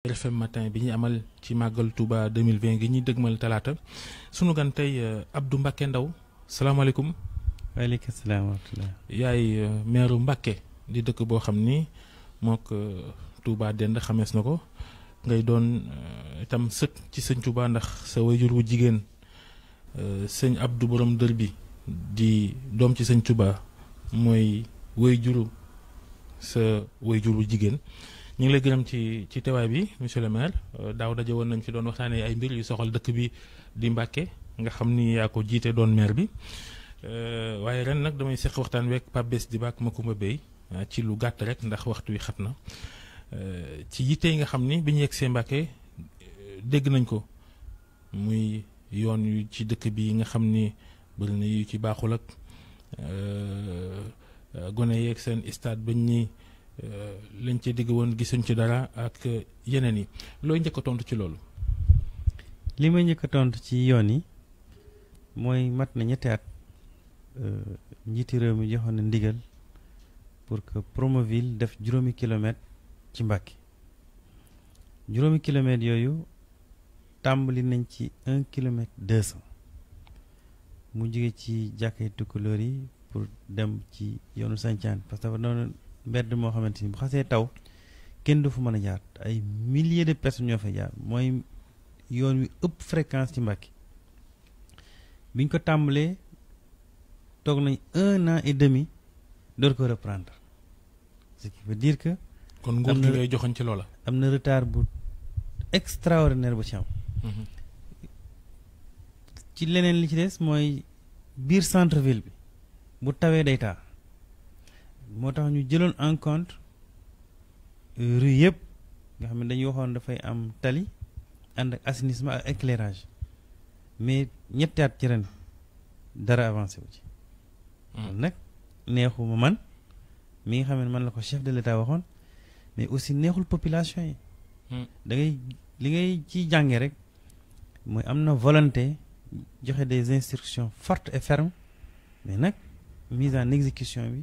RFM matin bi ñuy amal ci màggal Touba 2020 gi ñuy dëgmal talaata sunu gan tey euh, Abdou Mbacké Ndao salaamaaleykum. waaleykum salaam wa rahmatulah. yaay euh, maire Mbacké di dëkk boo xam ni mook euh, Touba dend xamees na ko ngay doon itam sët ci sëñ Touba ndax sa wayjur wu jigéen sëñ abdu borom dër bi di doom ci sëñ Touba mooy wayjuru sa jur wu jigéen. ñu ngi lay gërëm ci ci teewaay bi monsieur le maire euh, daaw daje woon nañ fi doon waxtaanee ay mbir yu soxal dëkk bi di Mbàkke nga xam ni yaa ko jiite doon meer bi euh, waaye ren nag damay seq waxtaan week Pape Bes di bàkk Makumba Bey euh, ci lu gàtt rek ndax waxtu wi xat na ci yitte yi nga xam ni bi ñu yegg see Mbàkke dégg nañ ko muy yoon yu ci dëkk bi nga xam ni bëri na yu ci baaxul ak gone yeeg seen stade bañ nii Euh, lañ ci digg woon gisuñ ci dara ak yeneen yi looy njëkk tontu ci loolu. li ma njëkk tontu ci yoon yi mooy mat na ñetti at euh, njiiti réew mi joxoon na ndigal pour que Promoville def juróomi kilomètre ci Mbàkke juróomi kilomètre yooyu tàmbali nañ ci un kilomètre deux cent mu jige ci jàkkay tukkulóor yi pour dem ci yoonu Sancaan parce que dafa mbedd moo xamante ni bu xasee taw kenn du fu mën a jaar ay milliers de personnes ñoo fa jaar mooy yoon wi ëpp fréquence ci Mbàkke biñ ko tàmbalee toog nañ un an et demi door ko reprendre ce qui veut dire que. kon nguur gi lay joxoon ci loola. am na retard bu extraordinaire bu ci am. ci leneen li ci des mooy biir centre ville bi bu tawee day taa. motax ñu jëlone en compte euh, rue yépp nga xam ne dañuy waxoon dafay am tali ànd ak assainissement ak éclairage mais ñetti at ci ren dara avancé wu ci. kon hmm. nag neexuma man mi nga xam ne man la ko chef de l'état waxoon mais aussi neexul population yi. Hmm. da ngay li ngay ci jànge rek mooy am na volonté joxe des instructions fortes et fermes mais nag mise en exécution bi.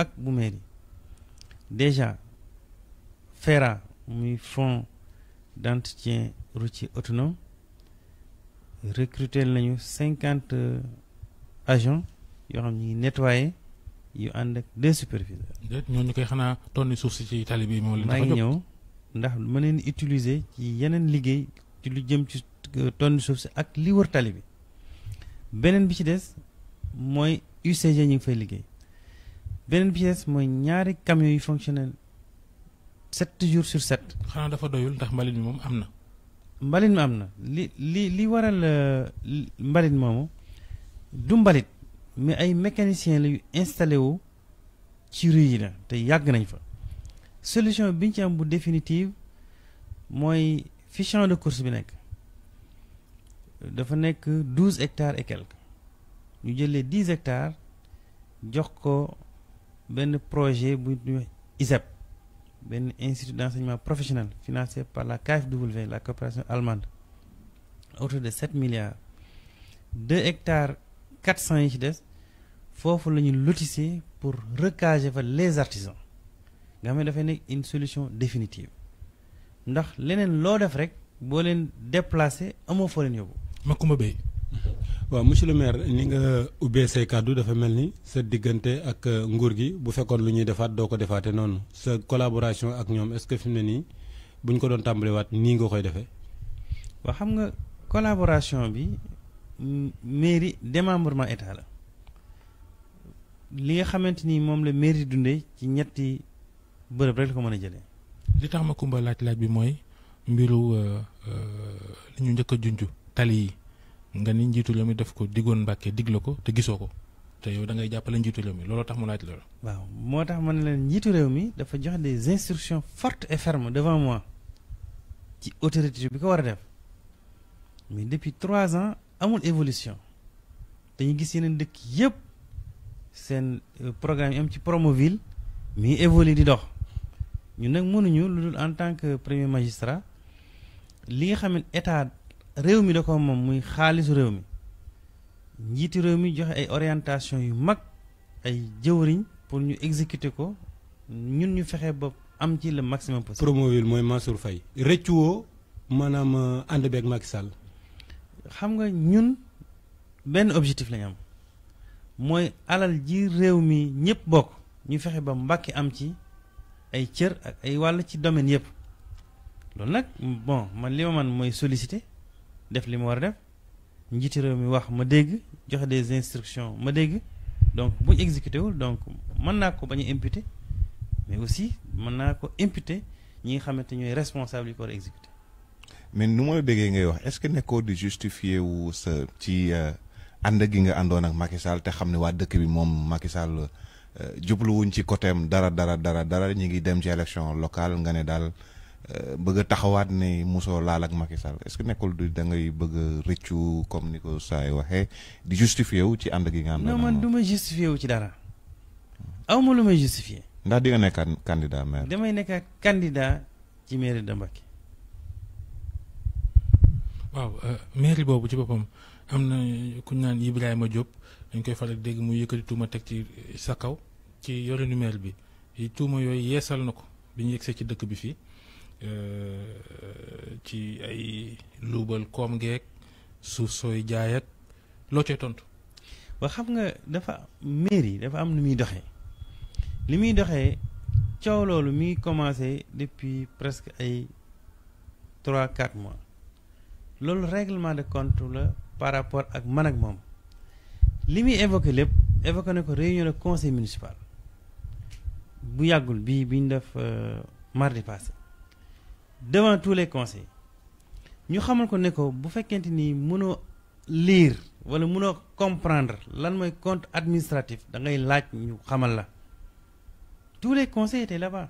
ak bu mairie déjà FERA muy fonds d' entretien routier autonome recruter nañu 50 agents yoo xam ñi nettoyer yu ànd ak deux superviseurs. ñooñu koy xanaa tonni suuf si ci tali bi moom la. maa ngi ñëw ndax mën leen utiliser ci yeneen liggéey ci lu jëm ci euh, tonni suuf si ak li wër tali bi beneen bi ci des mooy UCG ñu ngi fay liggéey beneen bi des mooy ñaari camions yi fonctionnent sept jours sur sept. xanaa dafa doyul ndax mbalit mi moom am na. mbalit am na li li li waral euh, mbalit moomu du mbalit mais ay mécanicien la yu installé wu ci rue yi la te yàgg nañ fa. solution bi ci am bu définitive mooy fi champ de course bi nekk dafa nekk 12 hectares et quelques ñu jëlee 10 hectares jox ko. Un projet bu ISEP un institut d'enseignement professionnel financé par la KfW la coopération allemande autour de 7 milliards 2 hectares 400 hectares, il faut que nous pour recager les artisans nga xam ne une solution définitive ndax lenen lo def rek bo len déplacé amo fo len yóbbu. ma waaw monsieur le maire ni nga ubbee say kàddu dafa mel ni sa diggante ak euh, nguur gi bu fekkoon lu ñuy defaat doo ko defaate noonu sa collaboration ak ñoom est-ce que fi mu ne nii bu ñu ko doon tàmbaliwaat nii nga koy defee. waaw xam nga collaboration bi mairie démembrement état la li nga xamante ni moom la mairie dundee ci ñetti bërëb rek la ko mën a jëlee. li tax ma kumba laaj laaj bi mooy mbiru euh, euh, li ñu njëkk a tali yi. nga ni njiitu réew def ko diggoon mbacke digle ko te gisoo te yow da ngay jappale njitu réew lolo tax mo laaj lolo waaw motax man len njitu rewmi njiitu réew mi dafa joxe des instructions fortes et fermes devant moi ci autorité bi ko wara def mais depuis trois ans amul évolution dañu gis yeneen dëkk yëpp seen euh, programme yi am ci promo ville mi évolue di dox ñun nag mënuñu lu dul en tant que premier magistrat li nga xam état réew mi da ko moom muy xaalisu réew mi njiiti orientation yu mag pour ñu exécuter ko ñun ñu le maximum possible. Promoville mooy Mansour Faye rëccuwoo maanaam euh, ànd beeg Macky xam nga ñun benn objectif la am mooy alal ji réew mi ñëpp ñu fexe ba am ci ay cër ak domaine bon def li mu war def njiiti réew mi wax ma dégg joxe des instructions ma dégg donc bu exécuté wul donc mën naa ko bañ a imputé mais aussi mën naa ko imputé ñi nga xamante ñooy responsable yi ko war exécuté mais nu ma déggee ngay wax est-ce que nekkoo di justifié wu sa ci euh, ànd gi nga àndoon ak Macky Sall te xam ne waa dëkk bi moom Macky Sall euh, jubluwuñ ci côté dara dara dara dara ñu ngi dem ci élection locale nga ne daal bëgg taxawaat ne mosoo laal ak Macky Sall est-ce que nekkul du da ngay bëgg rëccu comme ni ko saay waxee di justifié wu ci ànd gi nga non man du ma justifié wu ci dara aw ma lu may justifié. ndax di kan nga nekk candidat maire. damay nekk candidat ci mairie de Mbacké. waaw eh, mairie boobu ci boppam am na ku naan Ibrahima Diop dañ koy faral dégg mu yëkkati tuuma teg ci sa kaw ci yore numéro bi tuuma yooyu yeesal na ko bi ñu yegg ci dëkk bi fii. Euh, ci ay luubal koom geek suuf sooy jaayaat loo cay tontu. ba xam nga dafa mairie dafa am lu muy doxee li muy doxee coow loolu mi ngi commencé depuis presque ay trois quatre mois loolu règlement de compte la par rapport ak man ak moom li muy évoqué lépp évoqué na ko réunion de conseil municipal bu yàggul bii bi ñu def euh, mardi passé devant tous les conseils ñu xamal ko ne ko bu fekkente ni mënoo lire wala mënoo comprendre lan mooy compte administratif da ngay laaj ñu xamal la tous les conseils étaient là-bas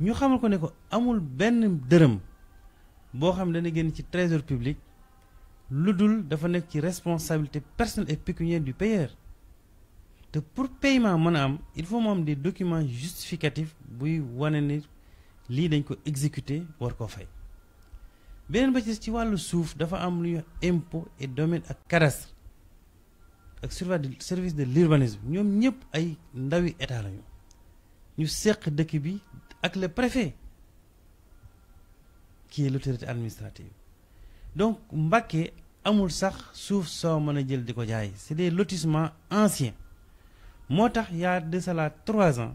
ñu xamal ko ne ko amul benn dërëm boo xam dana génn ci trésor public lu dul dafa nekk ci responsabilité personnelle et pécuniaire du payeur te pour paiement mën a il faut mu am des documents justificatifs buy wane ni li dañ ko exécuter war ko fay benen ba ci ci walu souf dafa am lu impôt et domaine ak cadastre ak service de l'urbanisme ñom ñëpp ay ndawi état lañu ñu seq dëkk bi ak le préfet qui est l'autorité administrative donc Mbacké amul sax souf so mën jël diko jaay c'est des lotissements anciens motax ya de cela trois ans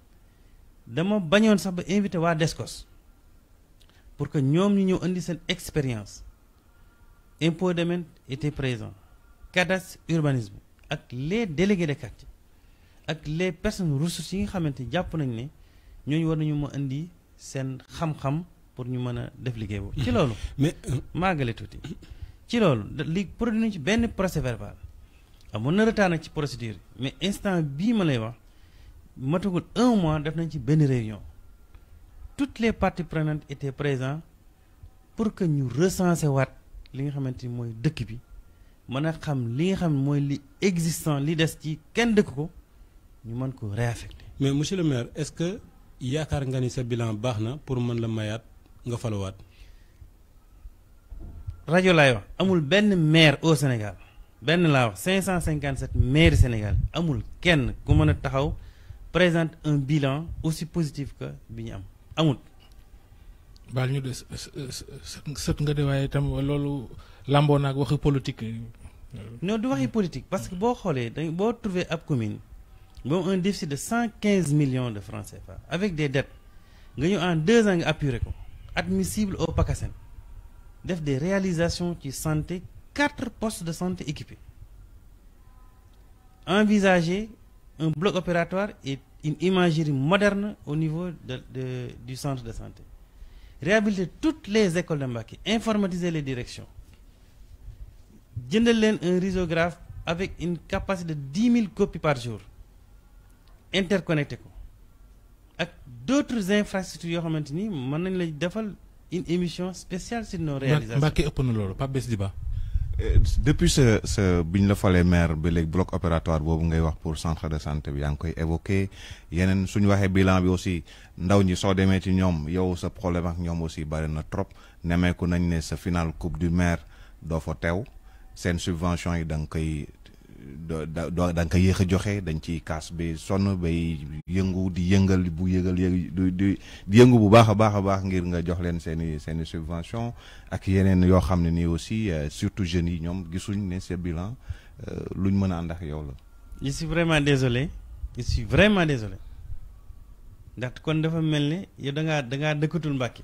dama bañoon sax ba invité waa Descos pour que ñoom ñu ñëw indi seen expérience impôt domaine était présent cadastre urbanisme ak les délégués de quartier ak les personnes ressources yi nga xamante jàpp nañ ne ñooñu war nañu ma indi seen xam-xam pour ñu mën a def liggéey boobu. ci loolu. mais euh, maagale tuuti. ci loolu li produit nañu ci benn procès verbal amoon na retard nag ci procédure mais instant bii ma lay wax. matagul un mois def nañ ci benn réunion toutes les parties prenantes étaient présentes pour que ñu recenser waat li nga xamante ni mooy dëkk bi mën a xam li nga xam mooy li existant li des ci kenn dëkk ko ñu mën ko réaffecter. mais monsieur le maire est-ce que yaakaar nga ni sa bilan baax na pour mën la mayaat nga falawaat. rajo laay wax amul benn maire au Sénégal benn laa wax 557 maires Sénégal amul kenn ku mën a taxaw présente un bilan aussi positif que Binyam. Amoud. Bah nous, de sët nga de waaye itam loolu lamboo politique. non du waxi politique parce que vous xoolee si vous trouver ab commune boo un déficit de 115 millions de francs CFA avec des dettes nga ñëw en deux ans apuré admissible au PACASEN def des réalisations qui santé quatre postes de santé équipés envisager un bloc opératoire et une imagerie moderne au niveau du centre de santé. Réhabiliter toutes les écoles de Mbaki, informatiser les directions. un rhizographe avec une capacité de 10 000 copies par jour. Interconnecté. Avec d'autres infrastructures, maintenant, une émission spéciale sur nos réalisations. pas euh, depuis ce ce bi la falee maire bi léegi bloc opératoire boobu ngay wax pour centre de santé bi yang koy évoquer yenen suñ waxé bilan bi aussi ndaw ñi so démé ci ñom yow sa problème ak ñom aussi bari na trop nemeeku nañ né sa final coupe du maire do fa teew sen subvention yi dang koy doo doo da nga koy yéex a joxe dañ ci kaas ba sonn bay yëngu di yëngal bu yëgal di di yëngu bu baax a baax a baax ngir nga jox leen seen i seen subvention ak yeneen yoo xam ne nii aussi euh, surtout jeunes yi ñoom gisuñ ne ce bilan euh, luñ mën a ànd yow la. je suis vraiment désolé je suis vraiment désolé ndax kon dafa mel ni yow da ngaa da ngaa dëkkatul Mbàkke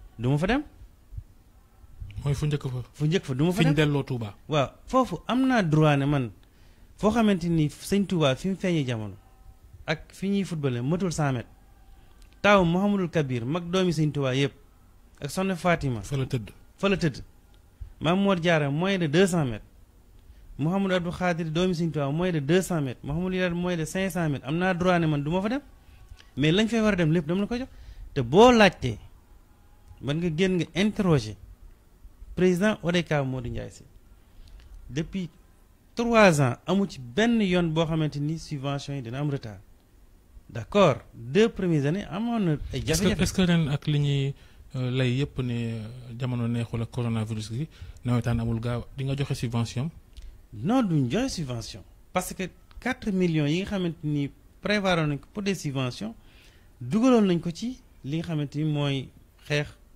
du fa dem. mooy fu njëkk fa. fu njëkk fa du ma fa dem fi ñu delloo Touba. waaw foofu am naa droit man foo xamante ni sëñ Touba fi mu feeñee jamono ak fi ñuy footballé matul 100 mètres taaw Mouhamadul Kabir mag doomi sëñ Touba yëpp ak soxna Fatima. fa la tëdd fa la tëdd. maam Mor Diarra moins de 200 mètres Mouhamadou Abdou Khadir doomi sëñ Touba moins de 200 mètres Mouhamadou Yar moins de 500 am naa droit man du ma fa dem mais lañ fay war a dem lépp dama la ko jox te boo laajtee. man nga génn nga interroger président ODCAV Modou Ndiaye depuis trois ans amu ci benn yoon boo xamante ni subvention yi dina am retard d' accord deux premières années amoon na ay jafe est ce que ren ak li ñuy euh, lay yëpp ne euh, jamono neexul ak coronavirus gi nawetaan amul gaaw di nga joxe subvention non duñ joxe subvention parce que quatre millions yi nga xamante ni prévoir nañ ko pour des subventions dugaloon nañ ko ci li nga xamante ni mooy xeex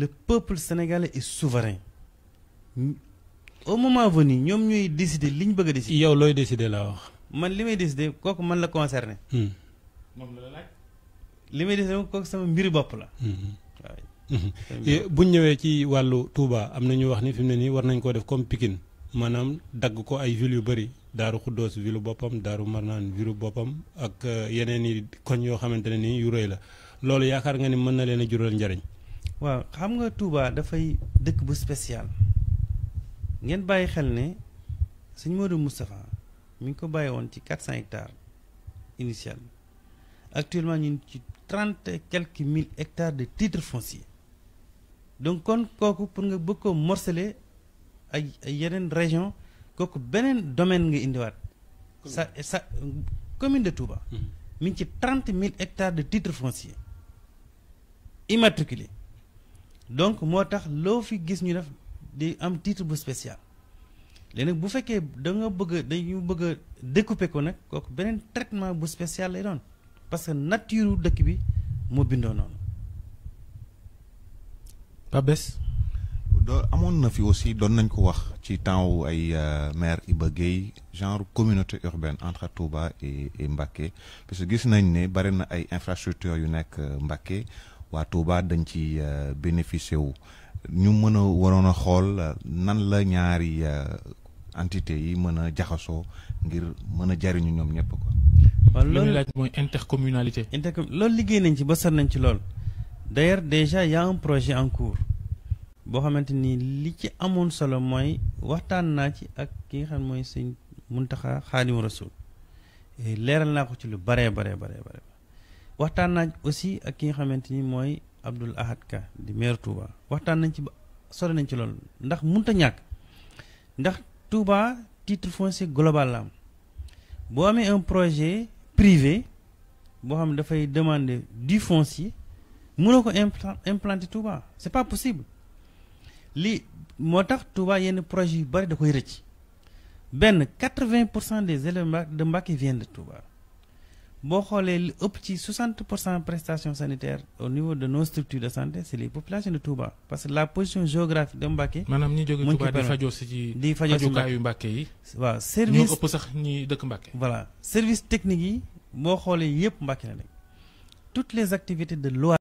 le peuple sénégalais est souverain au moment venu ñoom ñooy décider liñ ñu bëgg a décider. yow looy décider laa wax. man li may décider kooku man la concerné. Hmm. moom la li may décider kooku sama mbiri bopp la. Hmm. Hmm. Eh, bu ñëwee ci wàllu Touba am na ñu wax ni fim mu ne nii war nañ koo def comme Pikine maanaam dagg ko ay villes yu bëri Daaru Xuddoos ville boppam Daaru Marnaan ville boppam ak eh, yeneen i koñ yoo xamante ne nii yu rëy la loolu yaakaar nga ni mën na leen a jural njariñ waaw xam nga touba dafay dëkk bu spécial ngeen bàyyi xel ne suñ modu mi ngi ko 400 hectares initiales, actuellement nous ci 30 quelques mille hectares de titres fonciers. donc kon avons pour nga bëgg ko morcelé ay une région kooku un domaine nga une sa commune de touba mhm. mi ci 30 000 hectares de titres fonciers immatriculés donc moi, tax loo fi gis ñu def di am titre bu spécial léegi nag bu féké da nga bëgg dañu bëgg découper ko nak kooku benen traitement bu spécial lay don parce que nature dëkk bi moo non, noonu. Pabès. do amone na fi aussi don nañ ko wax ci temps wu ay euh, maire Iba Guèye genre communauté urbaine entre Touba et et Mbacké parce que gis nañ né bari na ay infrastructures yu nekk euh, Mbacké. waa Touba dañ ci euh, bénéficier wu ñu mën a waroon a xool euh, nan la ñaari euh, entité yi mën a jaxasoo ngir mën a jariñu ñoom ñëpp ko waaw loolu laaj mooy intercommunalité. intercom liggéey nañ ci ba sar nañ ci lool d'ailleurs déjà y a projet en cours boo xamante ni li ci amoon solo mooy waxtaan naa ci ak ki nga xam mooy sëñ Muntaxa Xaadimu Rasuul leeral naa ko ci lu baree baree baree bare waxtaan nañ aussi ak ki nga xamante ni mooy Ahad Ka di maire Touba waxtaan nañ ci ba nañ ci loolu ndax munta ñàkk ndax Touba titre foncier global la am boo amee un projet privé boo xam ne dafay demander du foncier mënoo ko implanter Touba c'est pas possible li moo tax Touba yenn projet yu bari da koy rëcc benn 80 pour cent des élèves de Mbacké viennent de Touba bon, 60 de prestations sanitaires au niveau de nos structures de santé c'est les populations de Touba parce que la position géographique de Mbacké. ñi Touba di di service voilà service technique yi toutes les activités de loi